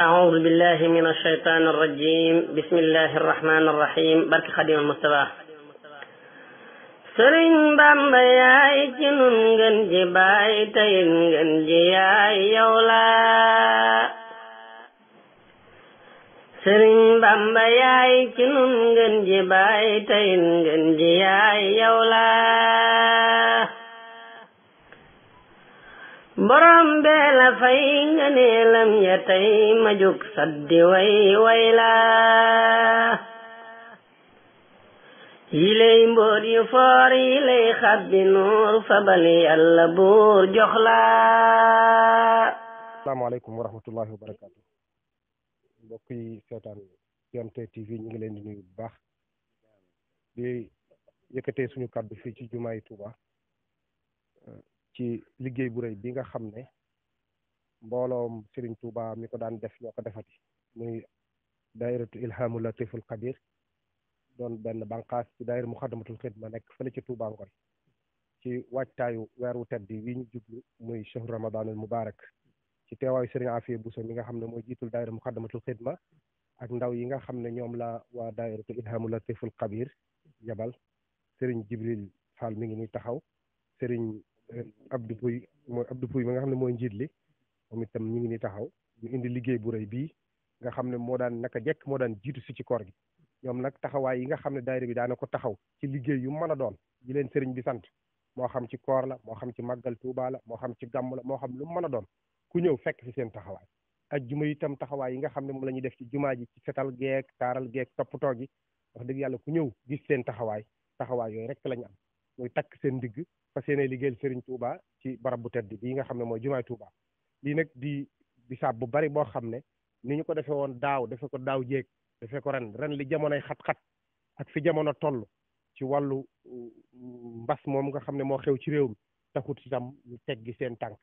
أعوذ بالله من الشيطان الرجيم بسم الله الرحمن الرحيم برك خديم المصطفى sëriñ bamba yaay ci nun ngën ji baay tey ngën ji yaay yow la sëriñ bamba yaay ci nun ngën ji baay tey ngën ji yaay yow la borom bee la fay nga neelam ya tey ma jóg saddi way way laa yiley mbóot yu foor yiley xabbi nuur fa bali yàlla buur jox laa asalaamaaleykum wa rahmatullahi wa barakaatu mbokk yi seetaan GMT TV ñu ngi leen di nuyu baax di yëkkatee suñu kàddu fii ci jumaay Tuuba ci liggéey bu rëy bi nga xam ne mbooloom Serigne Touba mi ko daan def ñoo ko defati muy daayiratu ilhamu latiful kabir doon benn banqaas ci daayira muxadamatul xidma nekk fa fële ci Touba Ngor ci waajtaayu weeru tedd wi ñu jublu muy shahru ramadanul mubarak ci teewaayu Serigne bu Bousso mi nga xam ne mooy jiitul daayira muxadamatul xidma ak ndaw yi nga xam ne ñoom la waa daayiratu ilhamu latiful kabir yabal Serigne Jibril Fall mi ngi ñuy taxaw Serigne Abdou Pouy mooy Abdou Pouy mi nga xam ne mooy njiit li moom itam ñu ngi ni taxaw ñu indi liggéey bu rëy bii nga xam ne moo daan naka jekk moo daan jiitu si ci koor gi ñoom nag taxawaay yi nga xam ne daayira bi daana ko taxaw ci liggéey yu mën a doon yi leen sëriñ bi sant moo xam ci koor la moo xam ci màggal tuuba la moo xam ci gàmm la moo xam lu mën a doon ku ñëw fekk fi seen taxawaay ak juma itam taxawaay yi nga xam ne moom la ñuy def ci jumaa ji ci setal geek taaral geek toppatoo gi wax dëgg yàlla ku ñëw gis seen taxawaay taxawaay yooyu rek lañu am muy takk seen ndigg fas yéene liggéeyal Serigne Touba ci barab bu tedd bii nga xam ne mooy jumaay Touba lii nag di bisaab bu bari boo xam ne ni ñu ko defee woon daaw defee ko daaw jeeg defee ko ren ren li jamonoy xat-xat ak fi jamono toll ci wàllu uh, mbas moom nga xam ne moo xew ci réew mi taxut itam ñu teggi seen tànk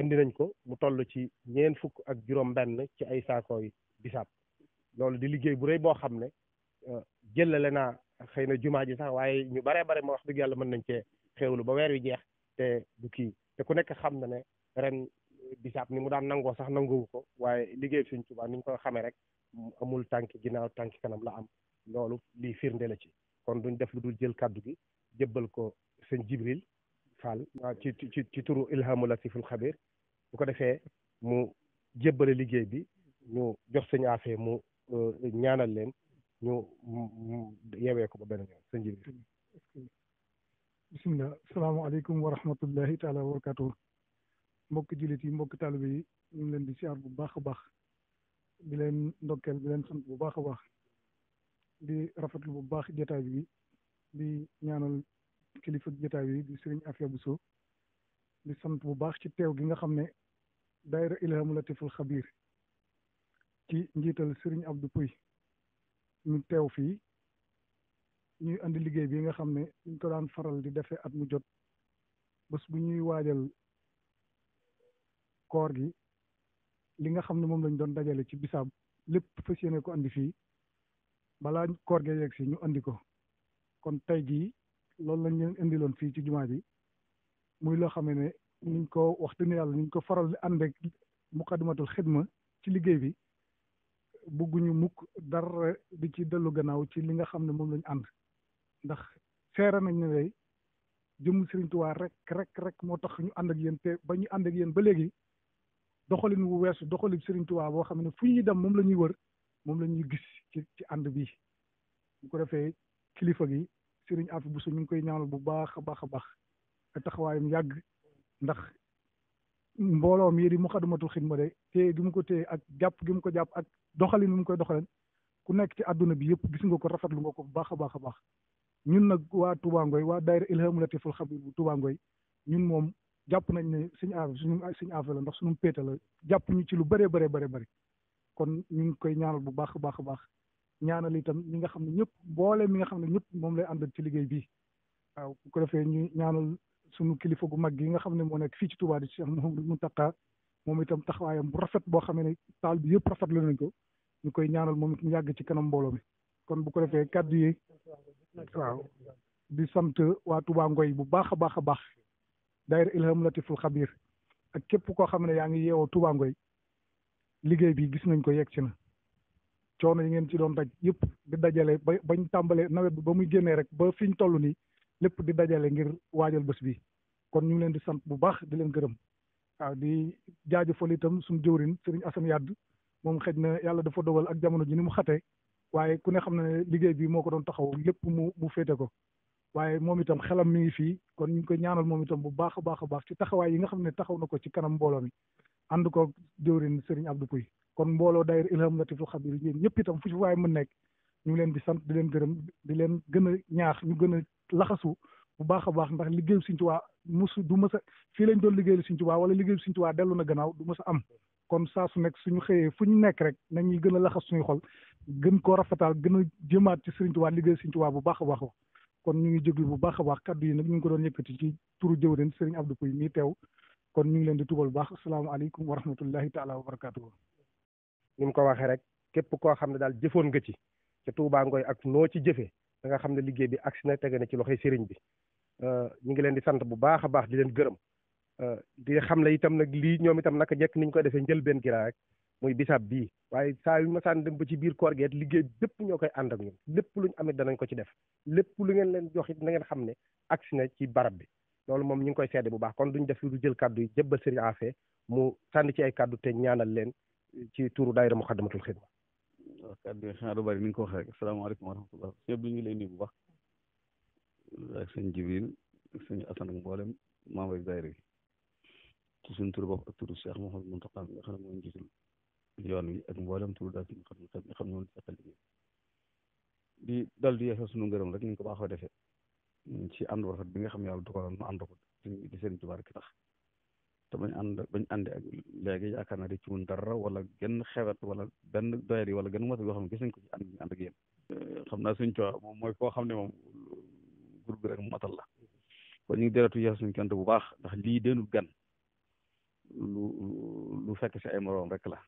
indi uh, nañ ko mu toll ci ñeen fukk ak juróom-benn ci ay saakooy bisaab loolu di liggéey bu rëy boo xam ne uh, jëlale naa xëy na jumaa ji sax waaye ñu baree bare ma wax dëgg yàlla mën nañ cee xewlu ba weer wi jeex te du kii te ku nekk xam na ne ren bisaab ni mu daan nangoo sax nangowu ko waaye liggéey Sëñ Tuubaa ni ñu ko xamee rek amul tànki ginnaaw tànki kanam la am loolu lii firnde la ci kon duñ def lu dul jël kàddu gi jëbbal ko sëñ Jibril Fall ci ci ci turu Ilhamu Latiful Xabir bu ko defee mu jébbale liggéey bi ñu jox sëñ Afee mu euh, ñaanal leen ñu yewee ko ba beneen yoon sëñ bi bisimilah salaamaaleykum wa rahmatullahi taala wa barakatuh mbokk jullit yi mbokk taalibe yi ñu ngi leen di siyaar bu baax a baax di leen ndokkeel di leen sant bu baax a baax di rafetlu bu baax jotaay bi di kilifa jotaay bi di sëriñ bu Bousso di sant bu baax ci teew gi nga xam ne daayira Ilhamu Latiful Xabir ci njiital sëriñ Abdou Pouy ñu teew fii ñuy andi liggéey bi nga xam ne ñu ko daan faral di defee at mu jot bés bu ñuy waajal koor gi li nga xam ne moom lañ doon dajale ci bisaab lépp fas yéene ko andi fii balaa koor gee yegg si ñu andi ko kon tey jii loolu lañ leen indiloon fii ci jumaa ji muy loo xam ne niñ ko wax dëgg yàlla niñ ko faral di ànd ak muqaddimatul xidma ci liggéey bi bëgguñu mukk dara di ci dellu gannaaw ci li nga xam ne moom lañu ànd ndax seere nañ ne day jëmm Sëriñ Tuubaa rek rek rek moo tax ñu ànd ak yéen ba ñu ànd ak yéen ba léegi doxalin wu weesu doxalin Sëriñ tuwaa boo xam ne fu ñuy dem moom la ñuy wër moom lañuy gis ci ci ànd bi bu ko defee kilifa gi Sëriñ Afi Buso ñu ngi koy ñaanal bu baax a baax a baax te taxawaayam yàgg ndax mbooloo mi di Muxaddamatul Xidma de téye gi mu ko téye ak jàpp gi mu ko jàpp ak doxalin bi mu koy doxalin ku nekk ci àdduna bi yëpp gis nga ko rafetlu nga ko bu baax a baax a baax ñun nag waa Touba Ngoye waa daayira Ilhamul Latiful Khabir bu Touba Ngoye ñun moom jàpp nañ ne suñu affaire suñu suñu affaire la ndax suñu péete la jàpp ñu ci lu bëree bëree bare bëri kon ñu ngi koy ñaanal bu baax a baax a baax ñaanal itam ñi nga xam ne ñëpp boole mi nga xam ne ñëpp moom lay àndal ci liggéey bii waaw bu ko defee ñu ñaanal suñu kilifa gu mag gi nga xam ne moo nekk fii ci Touba di Cheikh Mouhamadou Mountakha moom itam taxawaayam bu rafet boo xamee ne taal bi yëpp rafet la nañ ko ñu koy ñaanal moom it mu yàgg ci kanam mbooloo mi kon bu ko defee kàddu yi waaw di sant waa Touba Ngoy bu baax a baax a baax daayira Ilham Latiful Xabir ak képp koo xam ne yaa ngi yeewoo Touba liggéey bi gis nañ ko yegg si na coono yi ngeen ci doon daj yëpp di dajale ba bañ tàmbalee nawet bi ba muy génnee rek ba fi ñu toll nii lépp di dajale ngir waajal bés bi kon ñu ngi leen di sant bu baax di leen gërëm waaw di jaajëfal itam suñu jëwrin sëriñ Assane Yadd moom xëj na yàlla dafa dogal ak jamono ji ni mu xatee waaye ku ne xam na ne liggéey bi moo ko doon taxaw lépp mu mu féete ko waaye moom itam xelam mi ngi fii kon ñu ngi koy ñaanal moom itam bu baax a baax a baax ci taxawaay yi nga xam ne taxaw na ko ci kanam mbooloo mi ànd ko jëwrin sëriñ Abdou Pouy kon mbooloo daayir Ilham Latiful Xabir yéen ñëpp itam fu ci waaye mën nekk ñu ngi leen di sant di leen gërëm di leen gën a ñaax ñu gën a laxasu bu baax a baax ndax liggéeyu Sëriñ Tuubaa musu du mës a fii lañ doon liggéeyal Sëriñ Tuubaa wala liggéeyu Sëriñ Tuubaa dellu na gannaaw du mës a am kon saa su nekk suñu xëyee fu ñu nekk rek nañuy gën a laxas suñuy xol gën koo rafetaal gën jëmaat ci Sëriñ Tuubaa liggéeyu Sëriñ Tuubaa bu baax a baax kon ñu ngi jéglu bu baax a baax kaddu yi nag ñu ngi ko doon yëkkati ci turu jëwrin Sëriñ Abdou Pouy mii teew kon ñu ngi leen di tubal bu baax asalaamaaleykum wa rahmatullahi taala wa barakatuhu ni mu ko waxee rek képp koo xam ne daal jëfoon nga ci ca Tuubaa Ngoy ak noo ci jëfee da nga xam ne liggéey bi agsi na tege na ci loxoy sëriñ bi Euh, ñu ngi leen di sant bu baax a baax di leen gërëm euh, di xam la itam nag lii ñoom itam naka jekk niñ ko defee njël njëlbeen gi rek muy bisaab bii waaye saa yu ma saan dem ba ci biir koor geet liggéey bépp ñoo koy ànd ak ñun lépp ñu amee danañ ko ci def lépp lu ngeen leen jox it na ngeen xam ne agsi na ci barab bi loolu moom ñu ngi koy seede bu baax kon duñ def lu jël kàddu yi jébbal sëriñ Afe mu sànni ci ay kàddu te ñaanal leen ci tuuru daayira Muxaddamatul Xidma waaw kàddu yi xanaa du bari ko waxee rek asalaamaaleykum wa rahmatullah ñëpp ñu ak sëñ Jibril ak sëñ Asan ak mboolem membre yi daayira bi ci suñ turu bopp ak turu Cheikh Mouhamed Mountakha yoon wi ak mboolem turu daal suñu xam ne xam ñoon seqal di dal di yeesal suñu rek ñu ko baaxoo defee ci ànd bu rafet bi nga xam yàlla dogaloon nu ko di sëriñ Tuubaa ki tax te bañ ànd ak léegi yaakaar naa di ci woon dara wala genn xewet wala benn doyar yi wala genn moto xam ne gis nañ ko ci ànd ànd ak xam naa moom mooy koo xam ne moom tur bi rek matal la kon ñu ngi delatu yeex suñu bu baax ndax lii déenul gan lu lu fekk si ay moroom rek la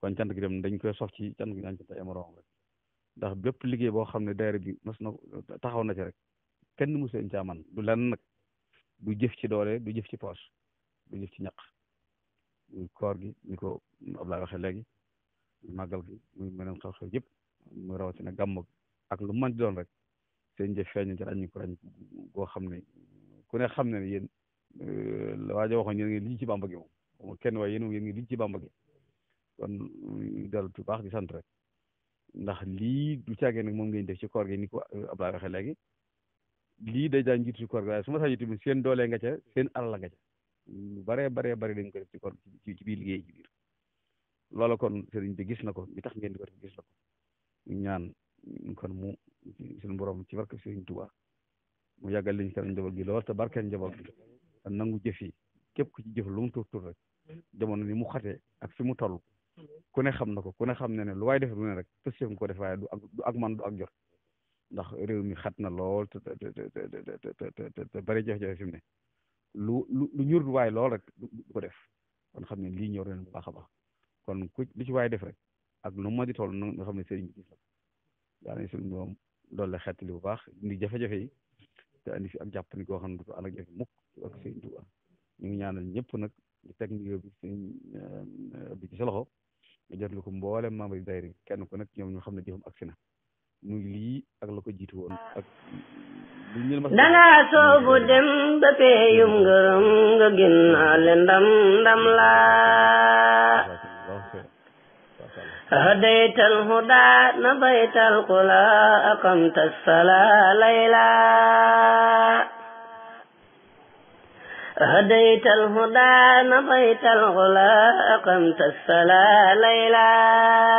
kon cant gi dem dañ koy sof ci cant gi daan cant ay moroom rek ndax bépp liggéey boo xam ne daayira bi mas na taxaw na ci rek kenn mu caa man du lenn nag du jëf ci doole du jëf ci poos du jëf ci ñaq muy koor gi ni ko Ablaye waxee léegi muy màggal gi muy meneen xew-xew yëpp muy rawatina gàmm ak lu mën di doon rek sëñ ja feeñ ci añ ko añ goo xam ne ku ne xam ne ne yéen euh, la waajo waxoon yéen ngi lii ci bàmba gi moom kenn waaye yéen moom ngi lii ci bàmba gi kon dal bu baax di sant rek ndax lii du caagee nag moom ngeen def ci koor gi ni ko euh, Abdoulaye waxee léegi lii day daan jiitu ci koor gi waaye su ma sañoon tamit seen doolee nga ca seen alal nga ca lu baree baree bari dañ ko def ci koor gi ci biir liggéey ci biir loola kon sëriñ bi gis na ko li tax ngeen di ko def gis na ko ñaan kon mu suñu borom ci barke Sëriñ Tuubaa mu yàggal liñ kanam njaboot gi lool te barkeel njaboot gi te nangu jëf yi képp ku ci jëf lu mu tur tur rek jamono ni mu xatee ak fi mu toll ku ne xam na ko ku ne xam ne ne lu waay def lu ne rek ko def waaye du ak ak man du ak jot ndax réew mi xat na lool te te te te lu lu lu lool rek def xam ne lii ñor leen bu baax a baax kon ku li ci waaye def rek ak nu ma di toll nga xam ne sëriñ bi gis la daa doole xeet li bu baax indi jafe-jafe yi te indi fi ak jàppandi koo xam ne du ko ànd jafe mukk ak ñu ngi ñaanal ñëpp nag di teg nuyoo bi sëñ eh, bi ci sa loxo nga jot ko mboolem membre yi daayira kenn ku nekk ñoom ñu xam ne jëfam agsi na muy lii ak la ko jiitu woon ak danga soobu dem ba peeyum ngërëm nga génnaale ndam ndam laa هديت الهدى نبيت القلا أقمت الصلاة ليلا هديت الهدى نبيت الغلا أقمت الصلاة ليلا